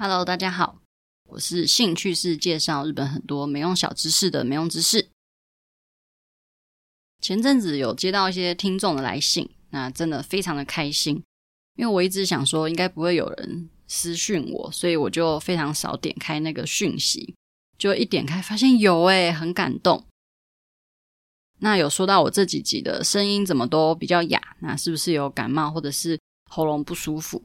Hello，大家好，我是興趣是介紹日本很多沒用小知識的沒用知識。前陣子有接到一些聽眾的來信，那真的非常的開心，因為我一直想說應該不會有人私訊我，所以我就非常少點開那個訊息，就一點開發現有哎，很感動。那有說到我這幾集的聲音怎麼都比較啞，那是不是有感冒或者是喉嚨不舒服？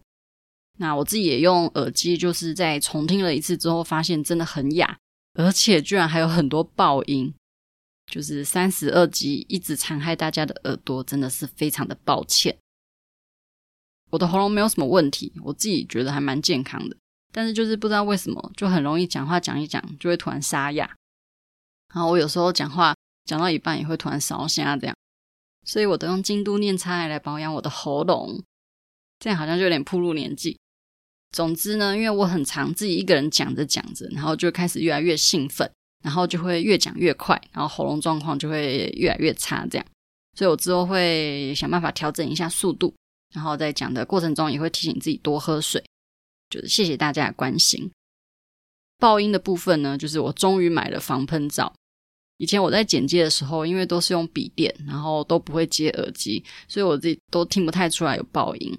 那我自己也用耳機，就是在重聽了一次之後，發現真的很啞，而且居然還有很多爆音，就是三十二集一直殘害大家的耳朵，真的是非常的抱歉。我的喉嚨沒有什麼問題，我自己覺得還蠻健康的，但是就是不知道為什麼，就很容易講話講一講就會突然沙啞，然後我有時候講話講到一半也會突然沙啞這樣，所以我都用京都念慈來，來保養我的喉嚨，這樣好像就有點暴露年紀。總之呢，因為我很常自己一個人講着講着，然後就開始越來越興奮，然後就會越講越快，然後喉嚨狀況就會越來越差，這樣。所以我之後會想辦法調整一下速度，然後在講的過程中也會提醒自己多喝水。就是謝謝大家的關心。爆音的部分呢，就是我終於買了防噴罩。以前我在剪接的時候，因為都是用筆電，然後都不會接耳機，所以我自己都聽不太出來有爆音。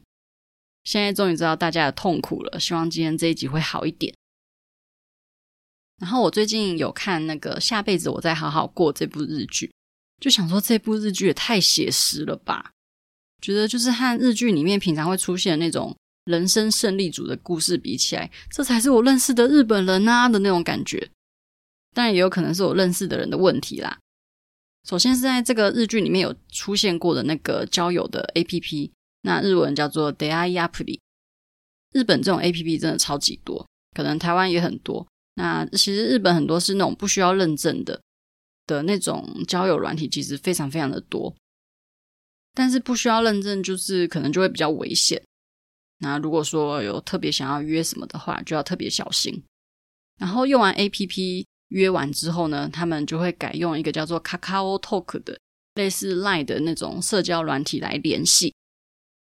現在終於知道大家的痛苦了，希望今天這一集會好一點。然後我最近有看那個下輩子我再好好過這部日劇，就想說這部日劇也太寫實了吧？覺得就是和日劇裡面平常會出現的那種人生勝利組的故事比起來，這才是我認識的日本人啊的那種感覺。當然也有可能是我認識的人的問題啦。首先是在這個日劇裡面有出現過的那個交友的 APP。那日文叫做出會いアプリ。日本這種 APP 真的超級多，可能台灣也很多。那其實日本很多是那種不需要認證的的那種交友軟體，其實非常非常的多。但是不需要認證，就是可能就會比較危險。那如果說有特別想要約什麼的話，就要特別小心。然後用完 APP 約完之後呢，他們就會改用一個叫做“ Kakao Talk” 的類似 Line 的那種社交軟體來聯繫。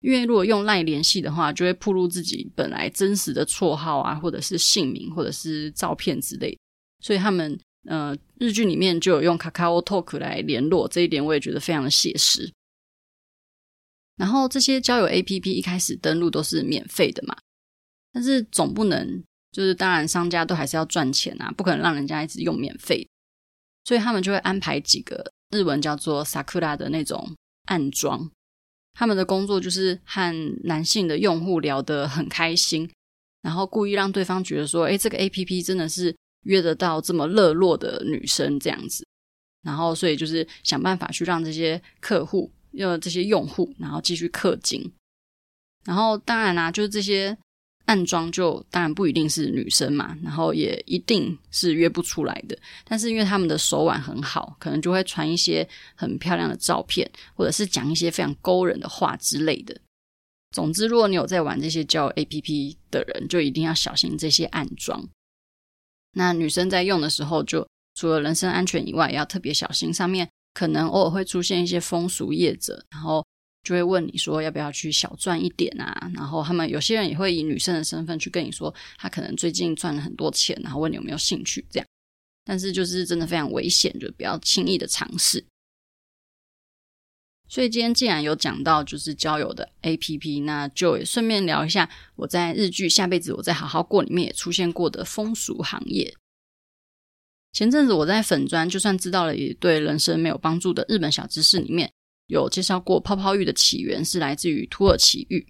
因為如果用 LINE 聯繫的話，就會曝露自己本來真實的綽號啊，或者是姓名，或者是照片之類的。所以他們呃，日劇裡面就有用 Kakao Talk 來聯絡，這一點我也覺得非常的寫實。然後這些交友 APP 一開始登錄都是免費的嘛，但是總不能就是當然商家都還是要賺錢啊，不可能讓人家一直用免費。所以他們就會安排幾個日文叫做 Sakura 的那種暗樁。他們的工作就是和男性的用戶聊得很開心，然後故意讓對方覺得說：“哎，這個 APP 真的是約得到這麼熱絡的女生這樣子。”然後，所以就是想辦法去讓這些客戶，呃，這些用戶，然後繼續氪金。然後，當然啦、啊，就是這些。暗裝就當然不一定是女生嘛，然後也一定是約不出來的。但是因為他們的手腕很好，可能就會傳一些很漂亮的照片，或者是講一些非常勾人的話之類的。總之，如果你有在玩這些交友 APP 的人，就一定要小心這些暗裝。那女生在用的時候就，就除了人身安全以外，也要特別小心，上面可能偶爾會出現一些風俗業者，然後。就會問你說要不要去小賺一點啊？然後他們有些人也會以女生的身份去跟你說，他可能最近賺了很多錢，然後問你有沒有興趣這樣。但是就是真的非常危險，就不要輕易的嘗試。所以今天既然有講到就是交友的 APP，那就也順便聊一下我在日劇《下輩子我再好好過》裡面也出現過的風俗行業。前陣子我在粉專，就算知道了也對人生沒有幫助的日本小知識裡面。有介紹過泡泡浴的起源是來自於土耳其浴。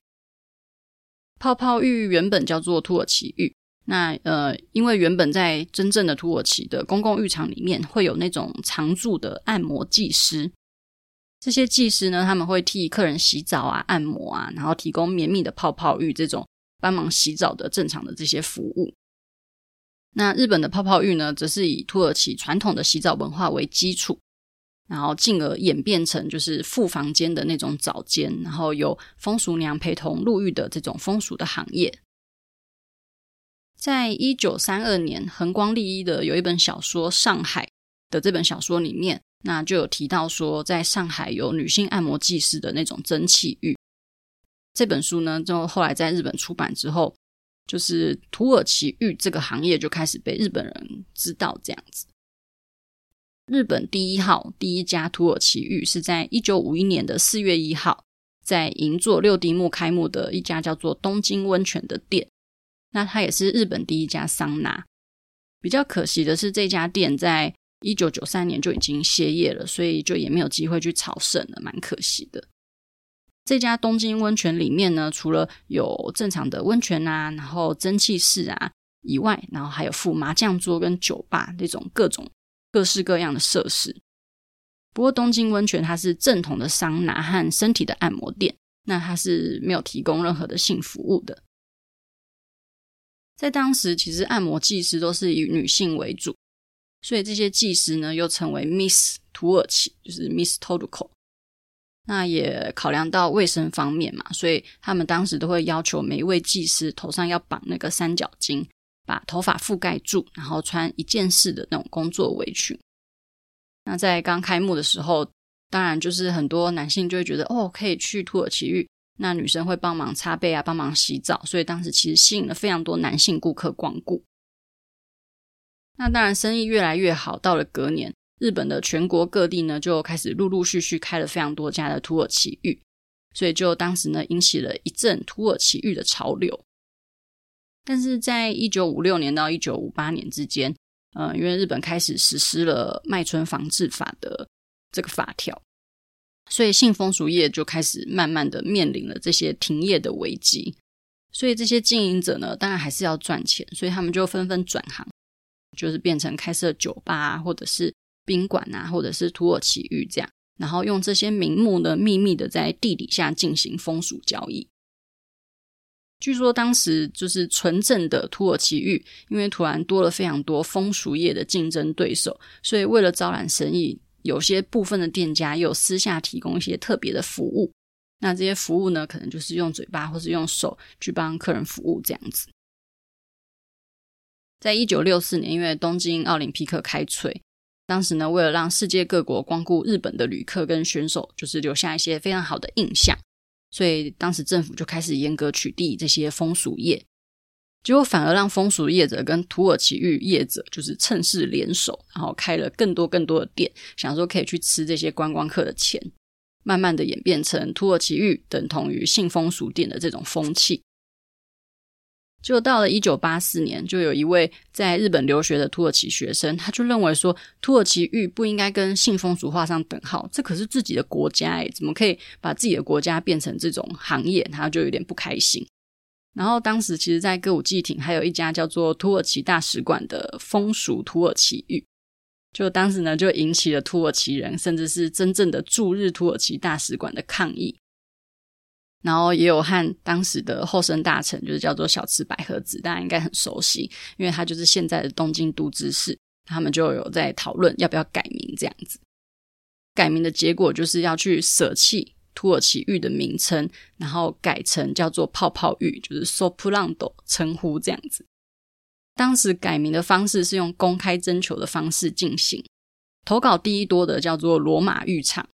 泡泡浴原本叫做土耳其浴，那呃，因為原本在真正的土耳其的公共浴場裡面會有那種常駐的按摩技師，這些技師呢，他們會替客人洗澡啊、按摩啊，然後提供綿密的泡泡浴這種幫忙洗澡的正常的這些服務。那日本的泡泡浴呢，則是以土耳其傳統的洗澡文化為基礎。然後進而演變成就是副房間的那種澡間，然後由風俗娘陪同入浴的這種風俗的行業。在一九三二年橫光利一的有一本小說《上海》的這本小說裡面，那就有提到說，在上海有女性按摩技師的那種蒸汽浴。這本書呢，就後來在日本出版之後，就是土耳其浴這個行業就開始被日本人知道這樣子。日本第一號第一家土耳其浴是在一九五一年的四月一號，在銀座六丁目開幕的一家叫做東京溫泉的店。那它也是日本第一家桑拿。比較可惜的是，這家店在一九九三年就已經歇業了，所以就也沒有機會去朝聖了，蠻可惜的。這家東京溫泉裡面呢，除了有正常的溫泉啊，然後蒸汽室啊以外，然後還有副麻將桌跟酒吧那種各種。各式各樣的設施，不過東京溫泉它是正統的桑拿和身體的按摩店，那它是沒有提供任何的性服務的。在當時，其實按摩技師都是以女性為主，所以這些技師呢又稱為 Miss 土耳其，就是 Miss Toruko。那也考量到衛生方面嘛，所以他們當時都會要求每一位技師頭上要綁那個三角巾。把頭髮覆蓋住，然後穿一件式的那種工作圍裙。那在剛開幕的時候，當然就是很多男性就會覺得哦，可以去土耳其浴。那女生會幫忙擦背啊，幫忙洗澡，所以當時其實吸引了非常多男性顧客光顧。那當然生意越來越好，到了隔年，日本的全國各地呢，就開始陸陸續續開了非常多家的土耳其浴，所以就當時呢，引起了一陣土耳其浴的潮流。但是在一九五六年到一九五八年之間，呃，因為日本開始實施了賣春防止法的這個法條，所以性風俗業就開始慢慢的面臨了這些停業的危機。所以這些經營者呢，當然還是要賺錢，所以他們就紛紛轉行，就是變成開設酒吧啊，或者是賓館啊，或者是土耳其浴這樣，然後用這些名目呢，秘密的在地底下進行風俗交易。據說當時就是純正的土耳其浴，因為突然多了非常多風俗業的競爭對手，所以為了招攬生意，有些部分的店家又私下提供一些特別的服務。那這些服務呢，可能就是用嘴巴或是用手去幫客人服務這樣子。在一九六四年，因為東京奧林匹克開催，當時呢，為了讓世界各國光顧日本的旅客跟選手，就是留下一些非常好的印象。所以當時政府就開始嚴格取締這些風俗業，結果反而讓風俗業者跟土耳其浴業者就是趁勢聯手，然後開了更多更多的店，想說可以去吃這些觀光客的錢，慢慢的演變成土耳其浴等同於性風俗店的這種風氣。就到了一九八四年，就有一位在日本留學的土耳其學生，他就認為說，土耳其浴不應該跟性風俗畫上等號。這可是自己的國家哎，怎麼可以把自己的國家變成這種行業？他就有點不開心。然後當時其實，在歌舞伎町還有一家叫做“土耳其大使館”的風俗土耳其浴，就當時呢，就引起了土耳其人，甚至是真正的駐日土耳其大使館的抗議。然後也有和當時的厚生大臣，就是叫做小池百合子，大家應該很熟悉，因為他就是現在的東京都知事。他們就有在討論要不要改名這樣子。改名的結果就是要去捨棄土耳其浴的名稱，然後改成叫做泡泡浴，就是 “soplando” 稱呼這樣子。當時改名的方式是用公開徵求的方式進行，投稿第一多的叫做羅馬浴場。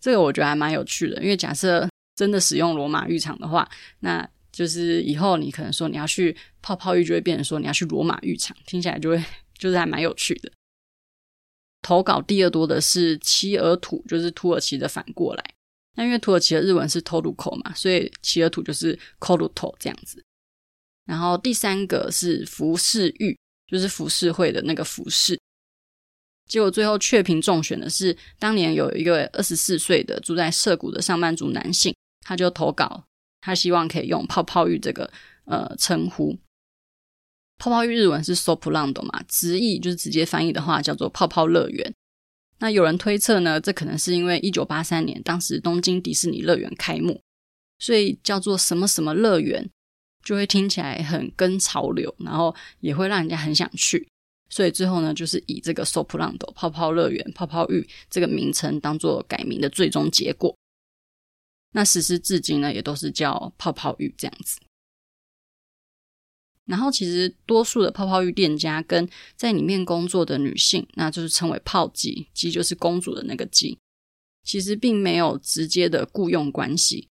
這個我覺得還蠻有趣的，因為假設。真的使用羅馬浴場的話，那就是以後你可能說你要去泡泡浴，就會變成說你要去羅馬浴場，聽起來就會就是還蠻有趣的。投稿第二多的是“奇爾土”，就是土耳其的反過來。那因為土耳其的日文是 “toruko” 嘛，所以“奇爾土”就是 “koruto” 這樣子。然後第三個是“服飾浴”，就是服飾會的那個服飾。結果最後雀屏中選的是當年有一個二十四歲的住在澀谷的上班族男性。他就投稿，他希望可以用“泡泡浴”這個呃稱呼，“泡泡浴”日文是 “Soapland” 嘛，直譯就是直接翻譯的話叫做“泡泡樂園”。那有人推測呢，這可能是因為一九八三年當時東京迪士尼樂園開幕，所以叫做什麼什麼樂園就會聽起來很跟潮流，然後也會讓人家很想去。所以最後呢，就是以這個 “Soapland” 泡泡樂園、泡泡浴這個名稱當做改名的最終結果。那實施至今呢，也都是叫泡泡浴這樣子。然後，其實多數的泡泡浴店家跟在裡面工作的女性，那就是稱為泡姬，姬就是公主的那個姬，其實並沒有直接的僱傭關係，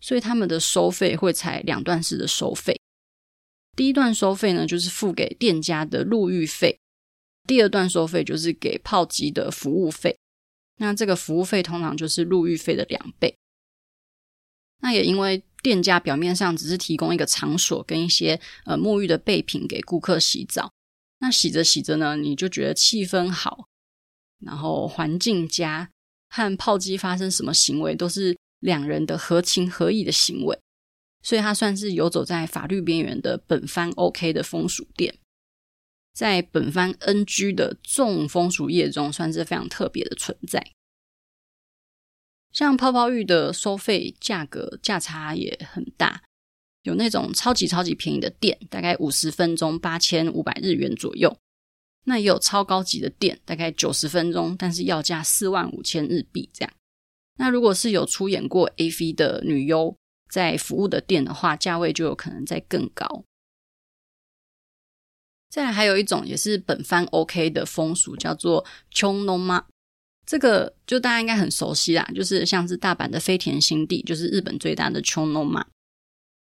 所以他們的收費會採兩段式的收費。第一段收費呢，就是付給店家的入浴費；第二段收費就是給泡姬的服務費。那這個服務費通常就是入浴費的兩倍。那也因為店家表面上只是提供一個場所跟一些呃沐浴的備品給顧客洗澡，那洗着洗着呢，你就覺得氣氛好，然後環境佳，和泡姬發生什麼行為都是兩人的合情合意的行為，所以它算是游走在法律邊緣的本番 OK 的風俗店，在本番 NG 的重風俗業中算是非常特別的存在。像泡泡浴的收費價格價差也很大，有那種超級超級便宜的店，大概五十分鐘八千五百日元左右；那也有超高級的店，大概九十分鐘，但是要價四萬五千日幣這樣。那如果是有出演過 AV 的女優在服務的店的話，價位就有可能再更高。再來還有一種也是本番 OK 的風俗，叫做窮儂嗎？這個就大家應該很熟悉啦，就是像是大阪的飛田新地，就是日本最大的丘農嘛。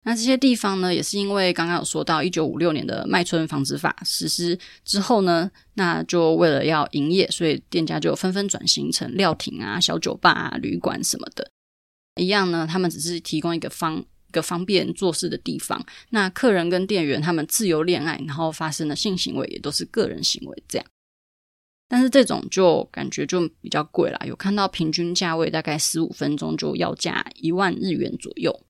那這些地方呢，也是因為剛剛有說到一九五六年的賣春防止法實施之後呢，那就為了要營業，所以店家就紛紛轉型成料亭啊、小酒吧啊、旅館什麼的。一樣呢，他們只是提供一個方一個方便做事的地方，那客人跟店員他們自由戀愛，然後發生的性行為也都是個人行為，這樣。但是這種就感覺就比較貴了，有看到平均價位大概十五分鐘就要價一萬日元左右。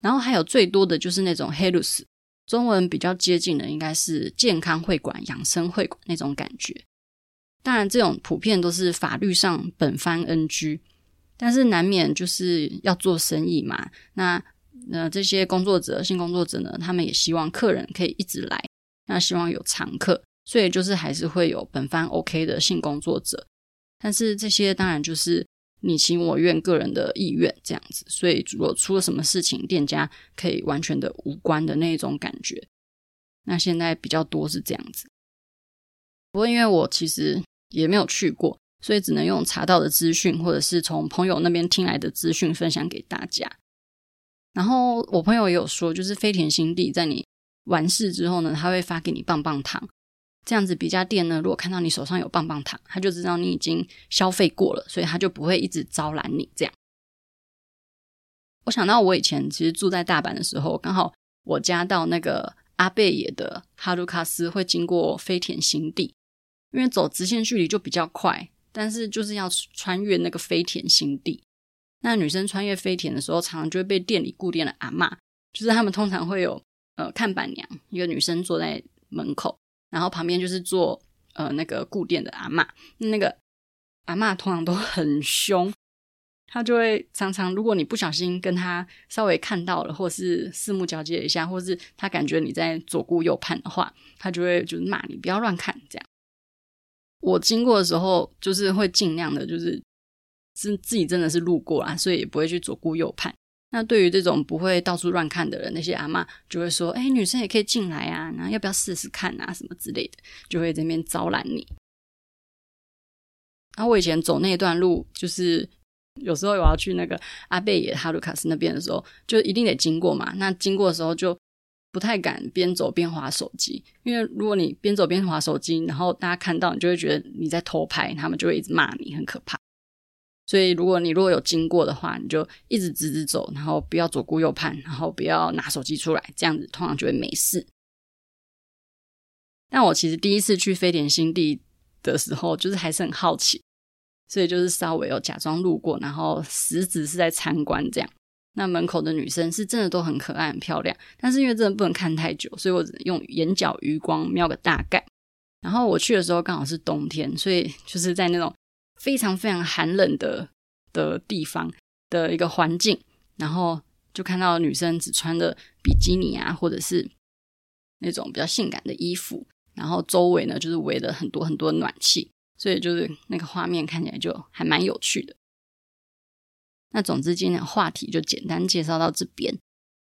然後還有最多的就是那種黑路斯，中文比較接近的應該是健康會館、養生會館那種感覺。當然，這種普遍都是法律上本番 NG，但是難免就是要做生意嘛。那呃，這些工作者、性工作者呢，他們也希望客人可以一直來，那希望有常客。所以就是還是會有本番 OK 的性工作者，但是這些當然就是你情我願、個人的意願這樣子。所以如果出了什麼事情，店家可以完全的無關的那一種感覺。那現在比較多是這樣子。不過因為我其實也沒有去過，所以只能用查到的資訊或者是從朋友那邊聽來的資訊分享給大家。然後我朋友也有說，就是飛田新地在你完事之後呢，他會發給你棒棒糖。這樣子，別家店呢，如果看到你手上有棒棒糖，他就知道你已經消費過了，所以他就不會一直招攬你。這樣，我想到我以前其實住在大阪的時候，剛好我家到那個阿倍野的哈魯卡斯會經過飛田新地，因為走直線距離就比較快，但是就是要穿越那個飛田新地。那女生穿越飛田的時候，常常就會被店裡固定的阿嬤，就是他們通常會有呃看板娘，一個女生坐在門口。然後旁邊就是做呃那個固定的阿嬤，那個阿嬤、那個、通常都很凶，他就會常常如果你不小心跟他稍微看到了，或是四目交接了一下，或是他感覺你在左顧右盼的話，他就會就是罵你不要亂看這樣。我經過的時候就是會儘量的，就是自自己真的是路過啊，所以也不會去左顧右盼。那對於這種不會到處亂看的人，那些阿嬤就會說：“哎、欸，女生也可以進來啊，然後要不要試試看啊，什麼之類的，就會在那邊招攬你。啊”然後我以前走那段路，就是有時候我要去那個阿倍野哈魯卡斯那邊的時候，就一定得經過嘛。那經過的時候就不太敢邊走邊滑手機，因為如果你邊走邊滑手機，然後大家看到你就會覺得你在偷拍，他們就會一直罵你，很可怕。所以，如果你如果有經過的話，你就一直直直走，然後不要左顧右盼，然後不要拿手機出來，這樣子通常就會沒事。但我其實第一次去飛田新地的時候，就是還是很好奇，所以就是稍微有假裝路過，然後實質是在參觀這樣。那門口的女生是真的都很可愛、很漂亮，但是因為真的不能看太久，所以我只能用眼角餘光瞄個大概。然後我去的時候剛好是冬天，所以就是在那種。非常非常寒冷的的地方的一個環境，然後就看到女生只穿着比基尼啊，或者是那種比較性感的衣服，然後周圍呢就是圍了很多很多暖氣，所以就是那個畫面看起來就還蠻有趣的。那總之今天的話題就簡單介紹到這邊，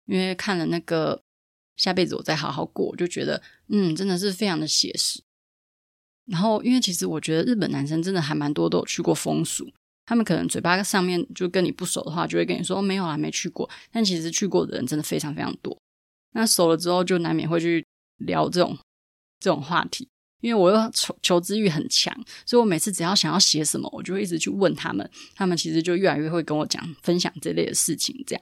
因為看了那個下輩子我再好好過，我就覺得嗯，真的是非常的寫實。然後，因為其實我覺得日本男生真的還蠻多都有去過風俗，他們可能嘴巴上面就跟你不熟的話，就會跟你說，哦，沒有啊，沒去過。但其實去過的人真的非常非常多。那熟了之後，就難免會去聊這種這種話題。因為我又求求知欲很強，所以我每次只要想要寫什麼，我就會一直去問他們。他們其實就越來越會跟我講分享這類的事情，這樣。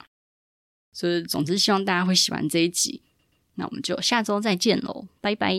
所以總之，希望大家會喜歡這一集。那我們就下周再見嘍，拜拜。